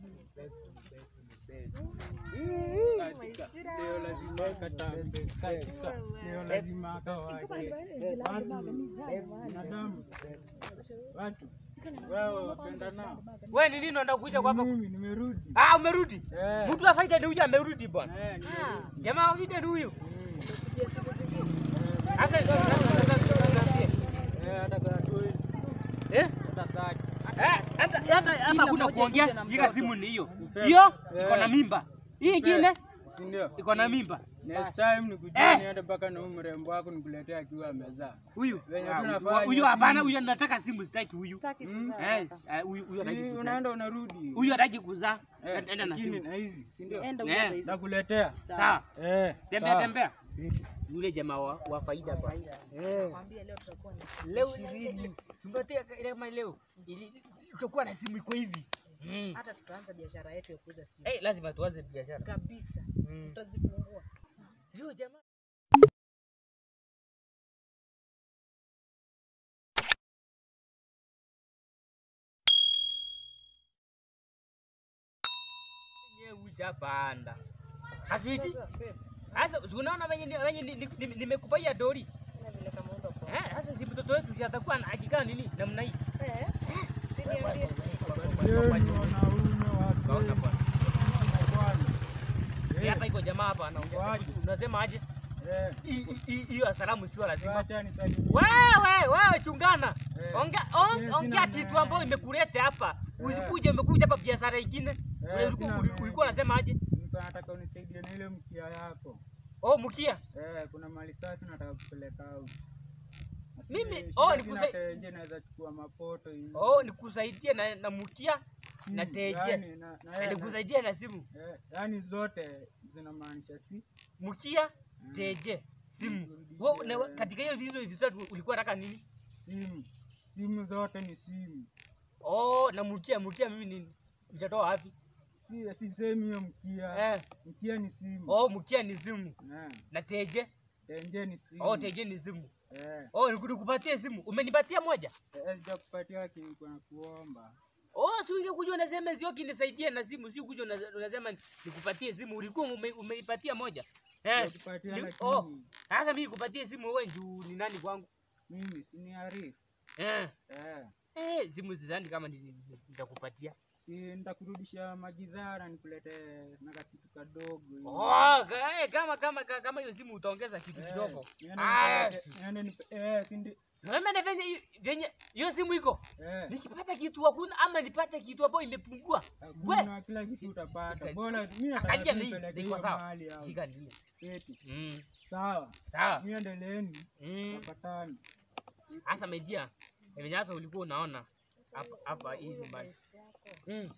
we lazima kawake wanadamu watu wao wapendana. Wewe ni lini unataka kuja hapa? nimerudi. Ah, umerudi? Mtu afaita ni huyu amerudi bwana. Jamaa wapite ni huyu. Eh, Eh, hata hapa kuna kuongea, shika simu ni hiyo hiyo, eh. iko na mimba hii ingine iko na mimba. Next time nikujue eh. niende mpaka na mrembo wako nikuletea akiwa amezaa. Huyu ah, huyu hapana, huyu nataka simu, sitaki huyu. Hmm? Unaenda unarudi, huyu hataki kuzaa. Enda na simu na hizi, si ndio? Nakuletea. Sawa, tembea tembea yule jamaa wa, wa faida hapa. Eh. Leo tutakuwa na leo, leo, leo, leo, leo, leo, leo, utakuwa na simu iko hivi mm. hata tutaanza biashara yetu ya kuuza simu. Hey, eh, lazima tuanze biashara kabisa mm. tutazifungua sio jamaa ujapanda aswiti sasa, unaona venye venye nimekupa hii dori sasa, si mtoto wetu si atakuwa na hakika nini namna hii eh, eh hapa iko jamaa hapa anaongea. Unasema aje? Eh. Hiyo salamu sio lazima. Wewe wewe chungana. Eh. Ongea eh, ongea kitu ambayo imekuleta hapa. Usikuje umekuja hapa biashara nyingine. Ulikuwa unasema aje? Nataka unisaidie na ile mkia yako. Oh, mkia? Eh, kuna mali safi nataka kupeleka huko mimi eh, oh, nikusaidie naweza chukua mapoto hivi. Oh, nikusaidie na na mkia hmm, yaani na teje. Eh, na, nikusaidie na simu. Eh, yani zote zinamaanisha si mukia hmm. teje, simu. Hmm, Wewe na eh. katika hiyo hizo vitatu ulikuwa nataka nini? Simu. Simu zote ni simu. Oh, na mukia mukia mimi ni mtatoa wapi? Si sisemi hiyo mkia. Eh. Mkia ni simu. Oh, mkia ni simu. Na teje? Tengeni simu. Oh, tengeni simu. Eh. Oh, nikupatie simu. Umenipatia moja? Eh, sijakupatia lakini kwa kuomba. Oh, si ungekuja unasema zio kinisaidia na simu, si ukuja unasema nikupatie simu. Ulikuwa umenipatia moja. Eh. Oh. Sasa mimi nikupatie simu wewe juu ni nani kwangu? Mimi si ni Arif. Eh. Eh. Eh, simu zidhani kama nitakupatia si nitakurudisha majidhara nikuletee na kitu kadogo. Oh, hey, kama kama kama hiyo simu utaongeza kitu eh, kidogo. Eh, si ndio Unaona venye venye hiyo simu iko. Yeah. Nikipata kitu hakuna ama nipate kitu hapo imepungua. Kuna kila kitu utapata. Bora mimi nataka nipeleke sawa. Shika nini? Eti. Mm. Sawa. Sawa. Mimi endeleeni. Mm. Napatani. Sasa media. Eh, venye hata ulikuwa unaona hapa hapa hii nyumbani. Mm.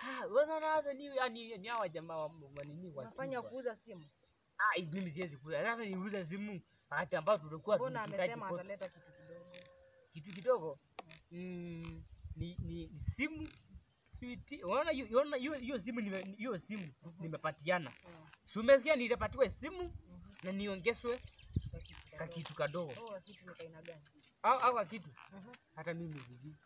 Ah, ni jamaa wanafanya kuuza simu. Ah, mimi siwezi kuuza. Sasa niuza simu hata ambayo tulikuwa ataleta kitu kidogo. Kitu kidogo? Mm, ni, ni simu switi. Unaona hiyo simu hiyo simu nimepatiana. Mm. Si umesikia nitapatiwa simu mm-hmm. na niongezwe kakitu kadogo. Oh, au au kitu. Mm-hmm. Hata mimi sijui.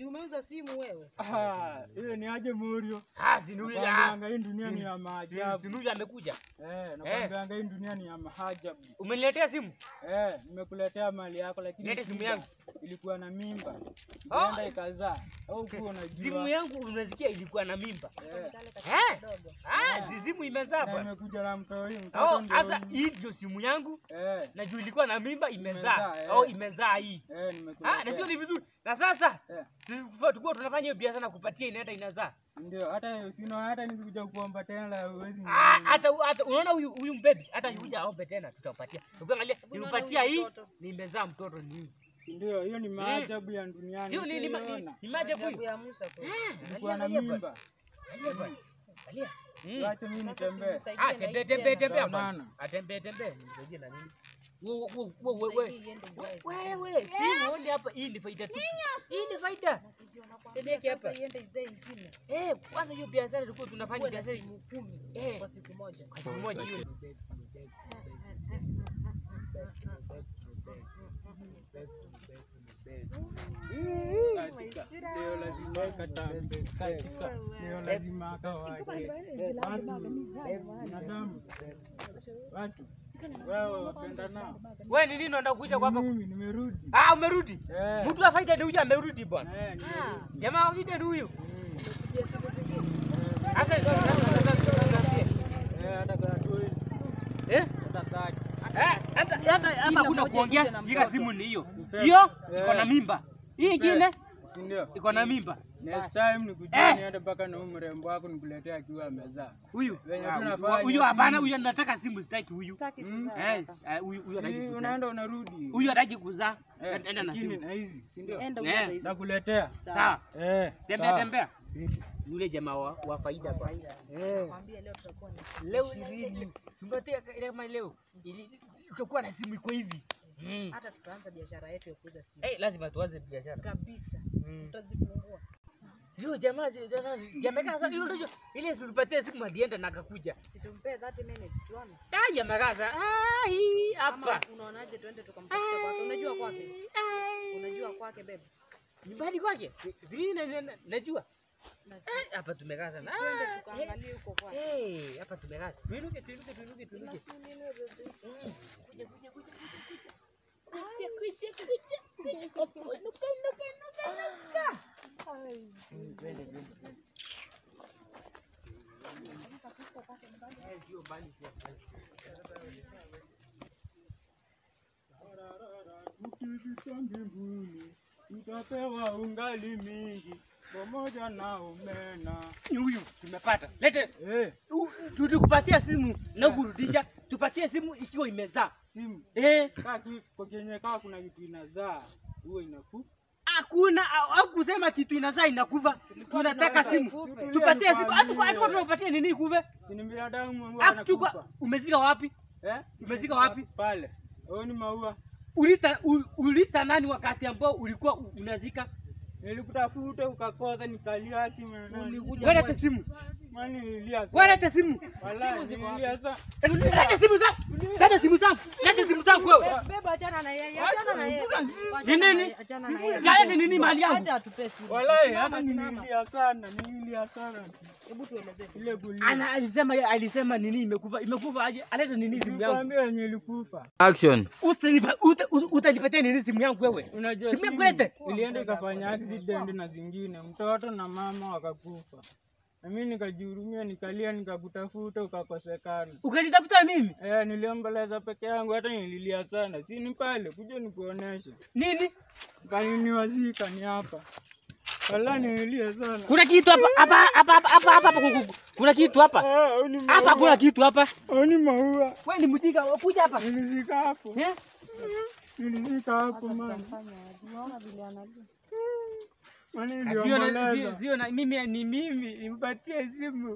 Si umeuza simu wewe? Ah, ile ni aje Murio? Ah, sinuja. Anga hii dunia ni ya maajabu. Sinuja amekuja. Eh, eh. anga hii dunia ni ya maajabu. Umeniletea simu? Eh, nimekuletea mali yako lakini Nete simu yangu. Ilikuwa na mimba. Oh. Ikaenda ikazaa. Au uko unajua. Simu yangu unasikia ilikuwa na mimba. Eh? eh. Ah, eh. zizimu imezaa hapa. Nimekuja na mtoto wangu. Mtoto Sasa hii ndio simu yangu. Eh. Na juu ilikuwa na mimba imezaa. Au oh, imezaa hii. Eh, nimekuletea. Ah, na sio ni vizuri. Na sasa yeah. Tukua tunafanya hiyo biashara na kupatia inaenda inazaa. Ndio, hata sino hata nikikuja kuomba tena la huwezi. Ah, hata hata unaona huyu huyu mbebi hata yuja aombe tena tutampatia. Ukiangalia niupatia hii nimezaa mtoto ni ndio, hiyo ni maajabu ya duniani. Sio ni ni maajabu ya Musa tu. Kwa na mimba. Angalia. Wacha mimi nitembee. Ah, tembee tembee tembee bwana. Atembee tembee. Nisaidie na mimi. Wewe wewe wewe. Wewe, si Peleke hapa hii ni faida tu. Hii ni faida. Peleke hapa. Eh, kwanza hiyo biashara tulikuwa tunafanya biashara kumi kwa siku moja. Kwa siku moja hiyo. Watu wewe ni nini unataka kuja hapa? Nimerudi. Ah, umerudi? Eh. Mtu afaita ndio huyu amerudi bwana. Eh, ah, jamaa afaita ndio huyu. Eh. Sasa ndio Eh? Hata hata hapa kuna kuongea, shika simu ni hiyo. Hiyo iko na mimba. Hii nyingine? Ndio. Iko na mimba. Next time nikujue eh! niende mpaka na mrembo wako nikuletea akiwa meza. Ah, huyu huyu hapana, huyu anataka simu, sitaki huyu. Hmm? Eh, eh, unaenda unarudi. Huyu hataki kuzaa. Enda na simu. Na hizi, si ndio? Nakuletea. Sawa. Eh. Tembea tembea. Yule jamaa wa, wa faida kwa. Eh. Nakwambia leo tutakuwa na leo 20. Singotea kama leo. Tutakuwa na simu iko hivi hata mm. biashara yetu ya kuuza simu. Hey, lazima tuanze biashara kabisa, hmm. tutazifungua hiyo jamaa jamaa yamekaa sasa ile ndio ile tulipatia siku madienda na akakuja. Situmpee 30 minutes tuone. Ah jamaa sasa. Ah hii hapa. Unaonaje twende tukamtafuta kwake? Unajua kwake? Unajua kwake bebe? Nyumbani kwake? Zini najua. Eh, hapa tumekaa sana. Twende ah, tukaangalie huko kwake. Eh, hapa tumekaa. Tuinuke, tuinuke, tuinuke, tuinuke. Mm. Kuja, kuja, kuja, kuja. Kuja, kuja, kuja. Ukipita mbinguni utapewa ungali mingi pamoja na omena. Huyu tumepata, lete eh. Tulikupatia simu na kurudisha, tupatie simu ikiwa imezaa simu eh. Kaa kiko kaa kuna kitu inazaa, huo inaku hakuna au kusema kitu inazaa inakuva. Tunataka simu tupatie simu, hatuko tunapatia nini kuve? Ni binadamu Umezika wapi? Eh, umezika wapi? Pale wewe ni maua. Ulita ulita nani wakati ambao ulikuwa unazika? Nilikutafuta ukakosa, nikalia ati Wewe leta simu. Mani nilia. Wewe leta simu. Simu ziko wapi? Eh, leta simu zangu. Leta simu zangu. Leta simu na Ni nini? Jaya ni nini mali yangu? Acha atupe simu. sana, sana. Hebu tueleze. Ana alisema alisema nini imekufa? Imekufa aje? nini simu yangu? Nikwambia yenye ilikufa. Action. Utanipa utanipatia nini simu yangu wewe? Unajua. Simu yangu Ilienda ikafanya accident na zingine. Mtoto na mama wakakufa na mimi nikajihurumia, nikalia, nikakutafuta ukakosekana. Ukanitafuta mimi? Eh, niliomboleza peke yangu, hata nililia sana. Si ni pale, kuja nikuoneshe nini. Kaniniwazika ni hapa Wala nililia sana. Kuna kitu hapa hapa hapa hapa hapa hapa kuku. kuna kitu hapa. Eh, hapa kuna kitu hapa. Ni maua. Wewe ni mjinga, kuja hapa. Nilizika hapo. Eh? Nilizika hapo mama. Unaona vile analia. Zio na mimi ni mimi, nimpatie simu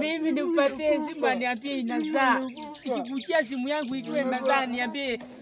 mimi nikupatie eh, eh, simu, aniambie inazaa. Ikikutia simu yangu ikiwa imezaa, niambie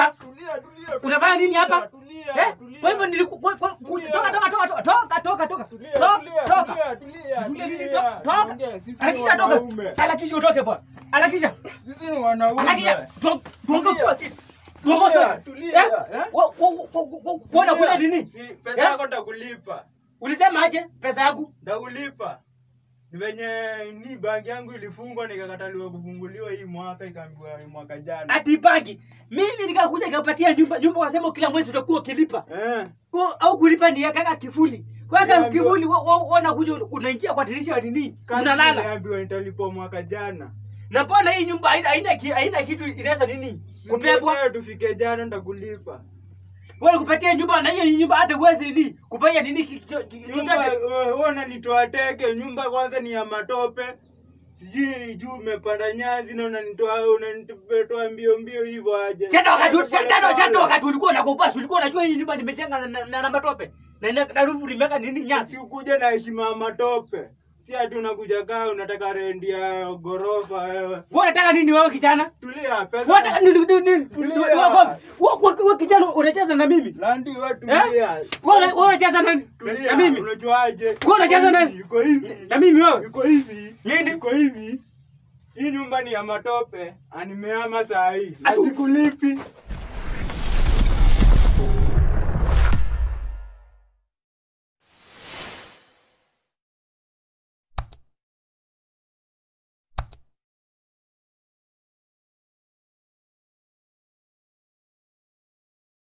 ukiwa unafanya nini hapa? Kwa hivyo toka toka toka toka toka toka toka toka toka alakisha toka alakisha utoke bwana alakisha sisi ni wanaume alakisha tuonge kwa sisi tuonge kwa nini? Pesa yako ndakulipa. Ulisema aje? Pesa yangu ndakulipa ni venye ni bangi yangu ilifungwa nikakataliwa kufunguliwa hii mwaka ikaambiwa mwaka jana. Ati bagi mimi nikakuja nikapatia nyumba nyumba, wasema kila mwezi utakuwa ukilipa eh. O, au kulipa ni kaka kifuli kaka kifuli, kifuli, wanakuja unaingia kwa dirisha nini, unalala. Niambiwa nitalipa mwaka jana na mbona hii nyumba haina kitu inaweza nini kupebwa? Tufike jana ndakulipa wewe kupatia nyumba na hiyo nyumba hata uweze ni kupatia nini unanitoa teke. Nyumba kwanza ni ya matope, sijui juu umepanda nyazi na unanitoa unanitoa mbio mbio hivyo aje? Sasa wakati yaani sasa wakati ulikuwa unakopa, ulikuwa unajua hii nyumba nimejenga na, na, na, na matope na na rufu nini nyasi, ukuja na heshima ya matope Si ati unakuja kaa unataka rendi ya gorofa wewe. Wewe unataka nini wewe kijana? Tulia pesa. Wewe nini nini? Tulia. Wewe kijana unacheza na mimi? Landi wewe eh? tulia. Wewe unacheza na na mimi? Unajuaje? Wewe unacheza na yuko hivi. Na mimi wewe? Yuko hivi. Nini? Yuko hivi. Hii nyumba ni ya matope, animeama saa hii. Asikulipi.